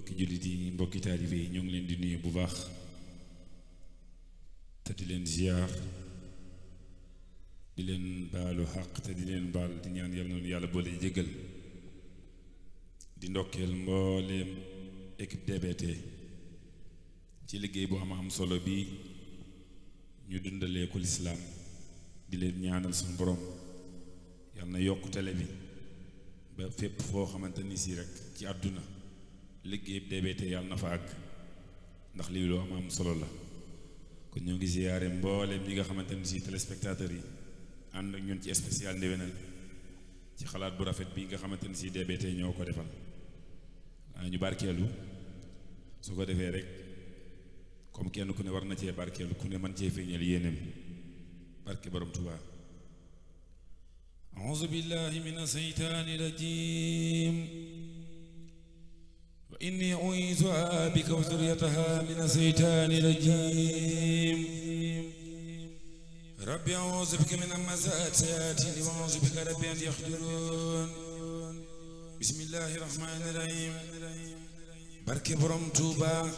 mbokki jullit yi ñoo ngi di nuyu bu baax leen ziar di leen baalu xaq di leen baal di ñaan yal yàlla boole jéggal di ndokkeel mbooleem ci liggéey bu am am solo bi ñu dundalee ko di leen ñaanal suñu borom yal na yokk télé bi ba fépp foo xamante si rek ci àdduna liggéeyub DBT yàlla na fa àgg ndax lii lu am am solo la kon ñoo ngi ziyaare mbooleem ñi nga xamante ne si téléspectateurs yi ànd ak ñun ci spécial ndéwénal ci xalaat bu rafet bi nga xamante ne si DBT ñoo ko defal ñu barkeelu su ko defee rek comme kenn ku ne war na cee barkeelu ku ne man cee feeñal yéenem barke borom Tuubaa أعوذ بالله من الشيطان الرجيم إني أعيذ بك وذريتها من الشيطان الرجيم ربي أعوذ بك من همزات سيئاتي وأعوذ بك ربي أن يحضرون بسم الله الرحمن الرحيم بارك برم توبا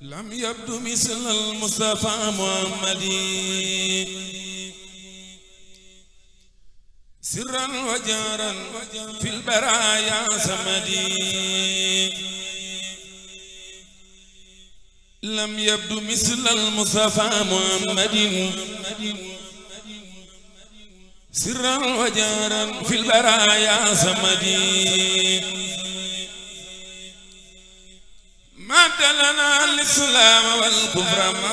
لم يبدو مثل المصطفى محمد سرا وجارا في البرايا سمدي لم يبدو مثل المصطفى محمد سرا وجارا في البرايا سمدي مات لنا الاسلام والكفر ما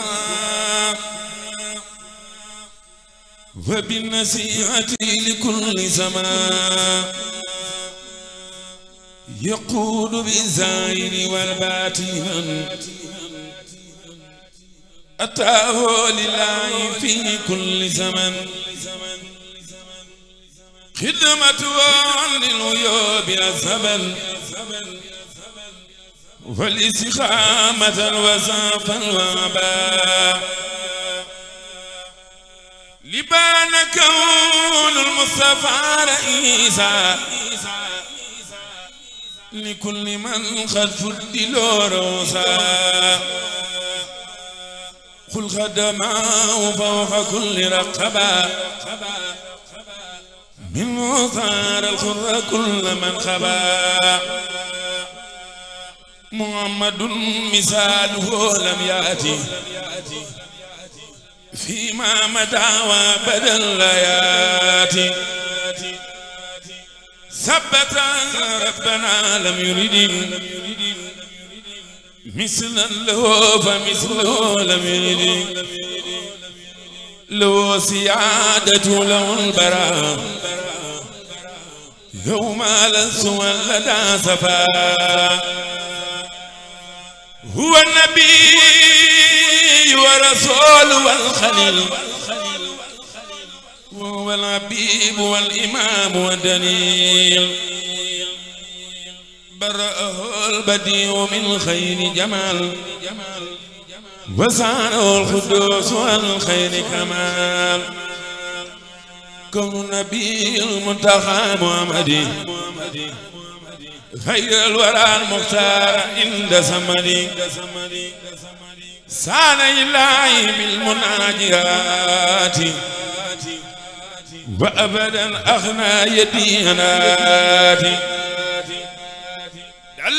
وبالنسيئة لكل زمان يقول بالزائر والباطن أتاه لله في كل زمن خدمة وعن للغيوب الزمن والاستقامة الوزافا والوباء لبان كون المصطفى رئيسا لكل من قد فد روسا قل خدما فوق كل رقبة من ثار الخر كل من خبا محمد مثاله لم يأتي فيما مدى وبدا الليات ثبت ربنا لم يرد مثلا له فمثله لم يرد له سيادة له البراء يوم لنس ولدى سفا هو النبي والرسول والخليل وهو العبيب والإمام والدليل برأه البديع من خير جمال وسعره الخدوس والخير كمال كن نبي المنتخى محمد خير الورى المختار عند سمدي سان إلهي بالمناجات وأبدا أغنى يدي دل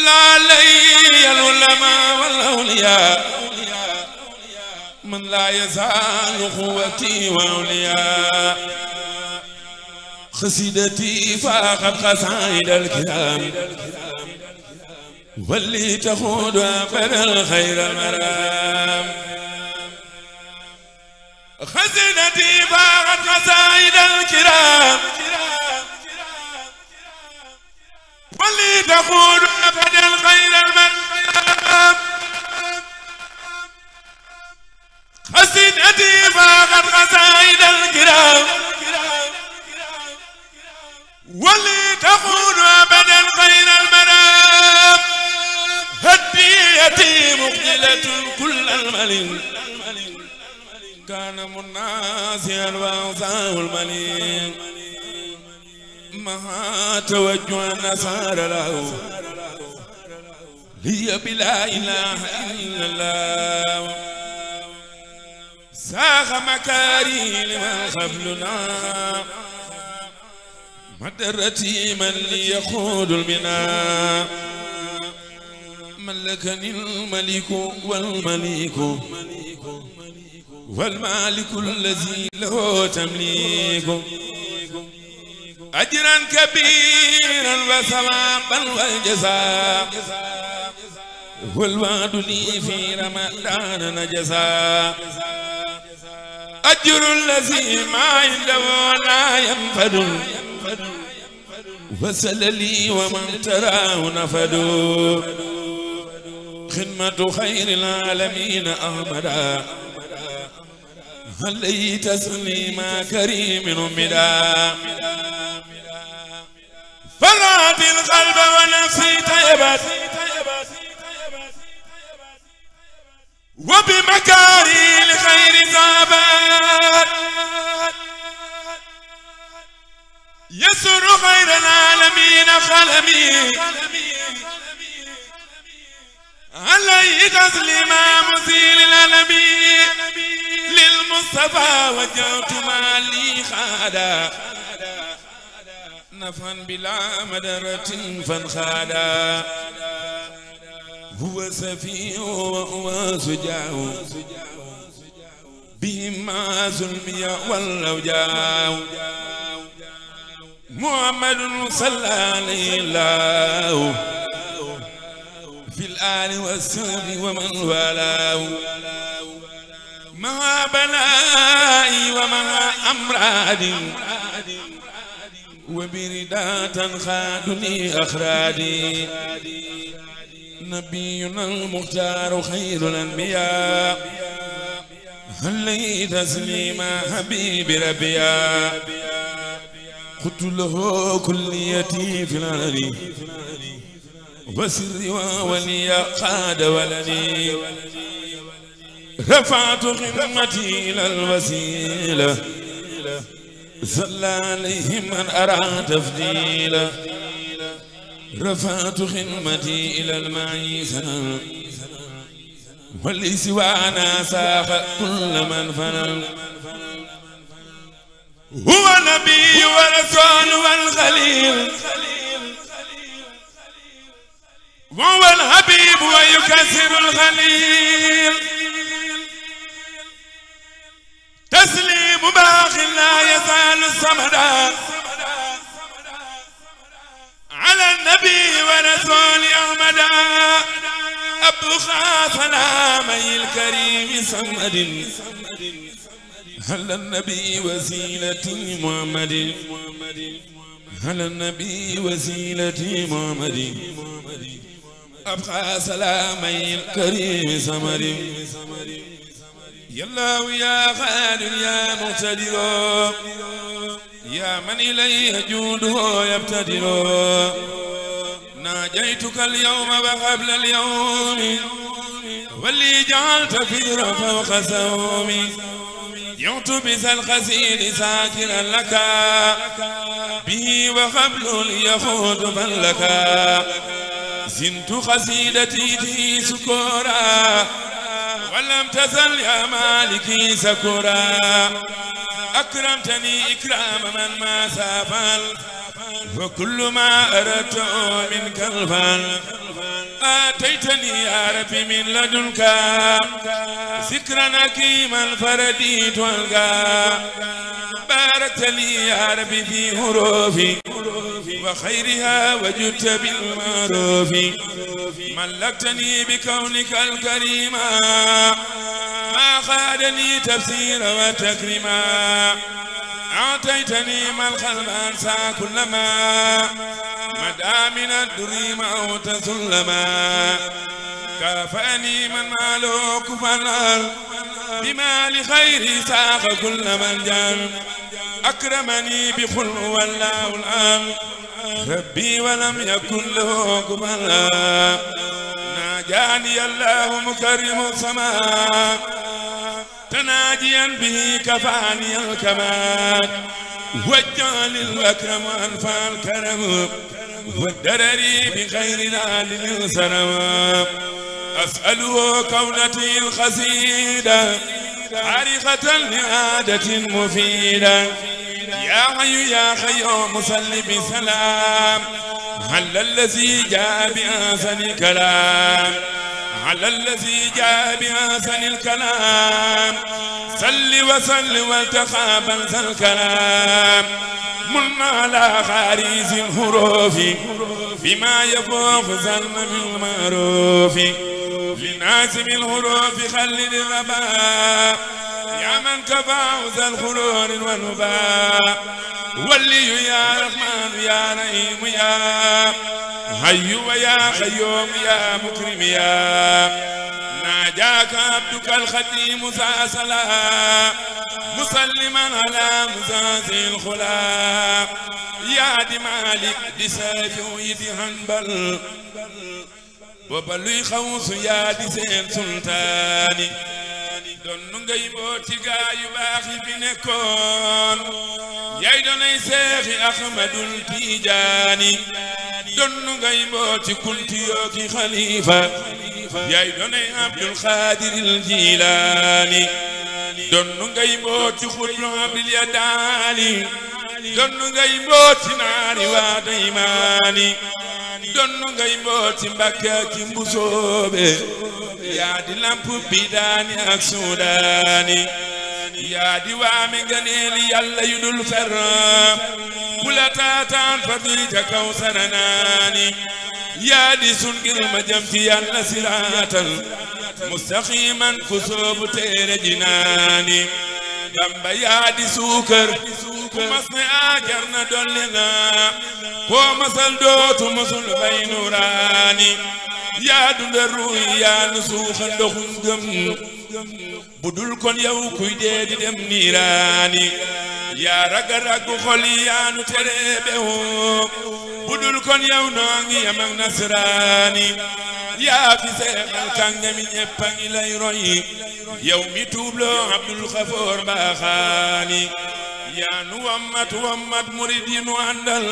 علي العلماء والأولياء من لا يزال قوتي وأولياء خسيدتي فاقد قصائد الكلام واللي تخود وقبل الخير مرام خزنتي باغت قصائد الكرام واللي تخود وقبل الخير مرام خزنتي باغت قصائد الكرام واللي تخود ليلة كل الملين كان منازيا وأوزاه الملين ما توجه النصارى له لي بلا إله إلا الله ساخ مكاري لما قبلنا مدرتي من ليخوض البناء ملكني الملك والملك والمالك الذي له تمليك أجرا كبيرا وثوابا والجزاء والوعد لي في رمضان نجزاء أجر الذي ما عنده لا ينفد وسل لي ومن تراه نفدوا خدمة خير العالمين أحمدا هلي تسليما كريم مدا فرات القلب ونفسي تيبت وبمكاري الخير ذابت يسر خير العالمين خلمي عليك تسليما مثيل النبي للمصطفى وجهت لي خادا نفعا بلا مدرة فانخادا هو سفيه وهو سجاه بهما ظلمي ولو جاو محمد صلى الله عليه في الآل والسلام ومن والاه مع بلائي ومع أمرادي وبردات خادني أخرادي نبينا المختار خير الأنبياء هل لي تسليما حبيب ربيا قلت له كليتي في الأرض وسر وولي قاد ولدي رفعت خدمتي إلى الوسيلة صلى عليهم من أرى تفضيلا رفعت خدمتي إلى المعيسنة ولي سوانا ساق كل من فنى هو نبي ورسول والخليل وهو الحبيب ويكسر الخليل تسليم باخ لا يزال الصمد على النبي ورسول أحمد أبلغ سلامي الكريم صمد هل النبي وسيلتي محمد هل النبي وسيلتي محمد أبقى سلامي الكريم سمري يا الله يا يا مقتدر يا من إليه جوده يبتدر ناجيتك اليوم وقبل اليوم واللي جعلت في فوق سومي يعت بذا الخزين ساكنا لك به وقبل ليخوض من لك زنت قصيدتي في سكورا ولم تزل يا مالكي سكورا أكرمتني إكرام من ما سافل فكل ما أردت منك الفال آتيتني يا ربي من لدنك ذكرا كيما فرديت والقى باركت لي يا ربي في هروفي وخيرها وجدت بالمعروف ملكتني بكونك الكريم ما خادني تفسير وتكريما أعطيتني ما الخلق أنسى كلما مدى من الدريم أو سلما كافأني من ماله كفلا بما لخير ساق كل من جان أكرمني بخلق والله الآن ربي ولم يكن له كفلا ناجاني الله مكرم السماء تناجيا به كفاني الكمال وجال الأكرم أنفى الكرم والدرري بخير نال سنما أسأله كونتي القصيدة عريقه لعادة مفيدة يا حي يا حي مصلي بسلام هل الذي جاء بأحسن كلام على الذي جاء بأحسن الكلام صل وصل والتقابل ذا الكلام من على خاريز الحروف بما يفوق ظن بالمعروف لناسب الحروف خلد الربا يا من كفاه ذا الخلول والنباء ولي يا رحمن يا رحيم يا حي ويا قيوم يا مكرم يا ناجاك عبدك الخديم ذا ساسلا مسلما على مزاز الخلا يا دي مالك دي سافي هنبل وبلي خوص يا دي سين سلطاني دون ngay بوتي غاي باخي بنكون يا دوني nekkoon احمد التيجاني donnu ngay mbooti kunti yoo xalifa yaay donay Abdul Xaadir al Jilaani donnu ngay mbooti xutlu Abdul Yadaani donnu ngay mbooti naari waa daymaani donnu ngay mbooti Mbàkke ki mbusoobe yaa ak suudaani yaa di waame ngëneel yàlla yu dul fer bu la taataan fa duy ca kaw saranaani yaa di sun ngir ma jëm ci yàlla siraatal mustaqiman ku soobu téere jinaani damba yaa di suukar ku mas ne aajar na dolli naa koo masal dootu musul fay nuraani yaa dundal ruuy yaa nu suuxa ndoxu ngëm bu dul kon yow kuy dee dem niiraani yaa raga ragu xol yi bewu bu dul kon noo ngi yam nasraani yaa fi seexal kàngami ñëpp a ngi lay roy yow mi tuubloo Abdul Xafoor Mbaaxaani yaa nu wammat wammat murid yi nu àndal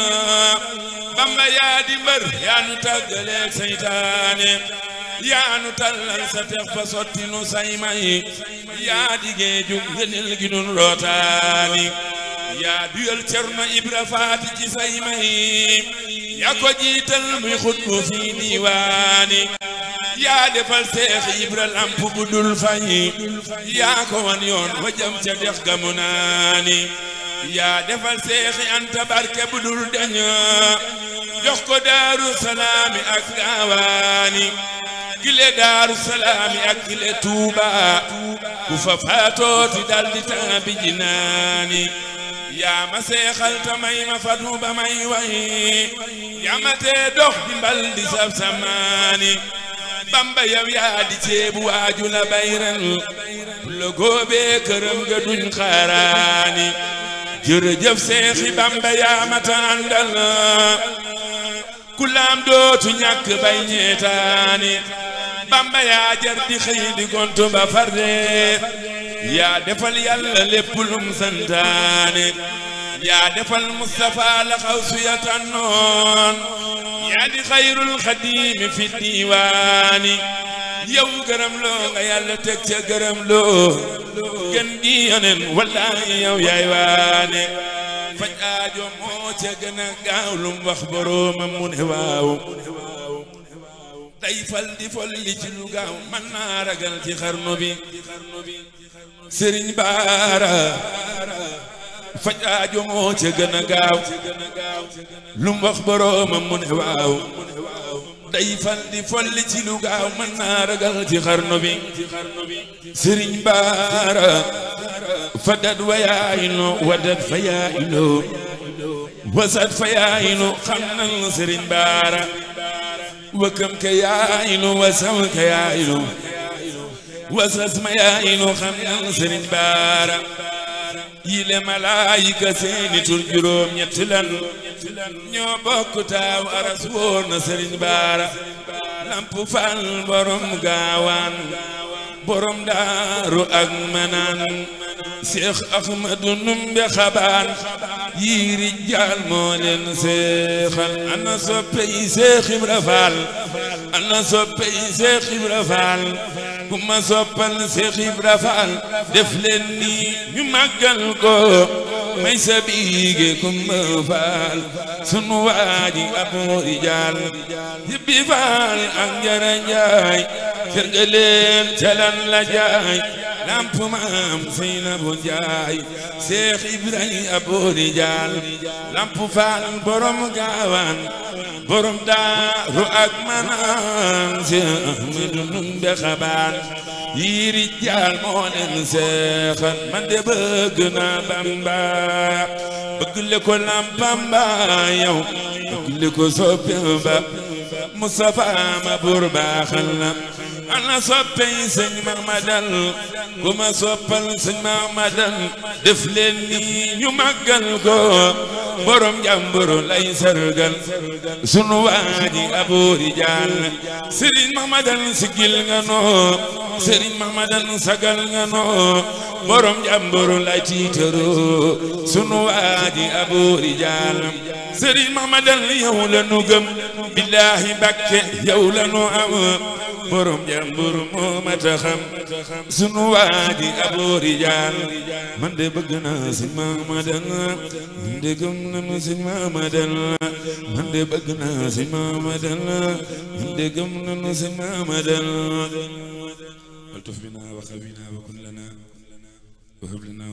Bamba yaa di mbër yaa nu tàggaleeg seytaane yaa nu tallal sa tex sotti nu say yaa digee ju ngëneel gi nun yaa duyal cerno ibra faati ci say may yaa ko jiital muy xutbu fii yaa defal seex ibra lamp bu dul yaa ko wan yoon ca dex mu naani yaa defal seexi anta barke bu dul deñ jox ko salaami ak gaawaani kile daaru salaam ak kile tuuba ku fa faatooti daldi tàbbi jinaani yaa ma seexal ta may ma fatu ba yaa ma tee dox di mbal di bamba yow yaa di ceebu waaju la bayran la góobee këram ga seexi bamba yaa ma ta àndal kullaam dootu ñàkk bay ñeetaani bamba yaa jar di di gontu ba farde yaa defal yàlla lépp lum santaane yaa defal Mustafa la xaw su yaa di xayrul xadiimi fi diiwaani yow gërëm loo nga yàlla teg ca gërëm loo gën gi yonen faj aajo moo a gaaw lu mu wax boroomam mu ne waaw fal di folli ci man naa ragal ci xarnu bi sëriñ baara faj a gaaw lu mu wax boroomam mu ne day fan di folli ci lu gaaw mën naa ragal ci xarnu bi sëriñ baara fadat wa yaayino wadat fa yaayino wasat fa yaayino xam nan sëriñ baara wakam ka yaayino wasam ka yaayino wasas ma yaayino xam nan sëriñ baara yile malaayika seeni tur juróom ñetti lan ñoo bokk taaw aras wóor na sëriñ baara lamp fal borom gaawaan borom daaru ak manaan Cheikh Ahmadou Ndoumbé xabaan yi rijaal moo seexal ana soppe yi Cheikh Ibra Fall ana soppe yi Cheikh Ibra Fall ma soppal biige kumba faal sunu waaji abu rijaal yibbi faal ak njara njaay sergaleen calan la lamp maam Seynabu Njaay Seex Ibrahima boori jaal lamp faal borom gaawaan borom daaru ak manaan si Ahmadu Ndumbe xabaan yiiri jaal moo leen seexan man bëgg naa Bamba bëgg le ko lampam ba yow bëgg le ko soppi ba Mustafa ma buur baaxal na ana soppey sëñ Mahmadal ku ma soppal sëñ Mahmadal def leen nii ñu màggal ko borom jàmburu lay sargal sunu waaji Abu Rijaal Sëriñ Mahmadal sigil nga borom jàmburu lay tiitaroo sunu waaji Abu Rijaal Sëriñ Mahmadal yow la nu billaahi Mbàkke yow am borom jàmbur moo mat a xam sunu waa ji abu rijaal man de bëgg naa si maamadan man de gëm naa si maamadan man de bëgg naa si maamadan man de gëm naa si maamadan waltuf bina wa xawina wa kun lana wa hab lana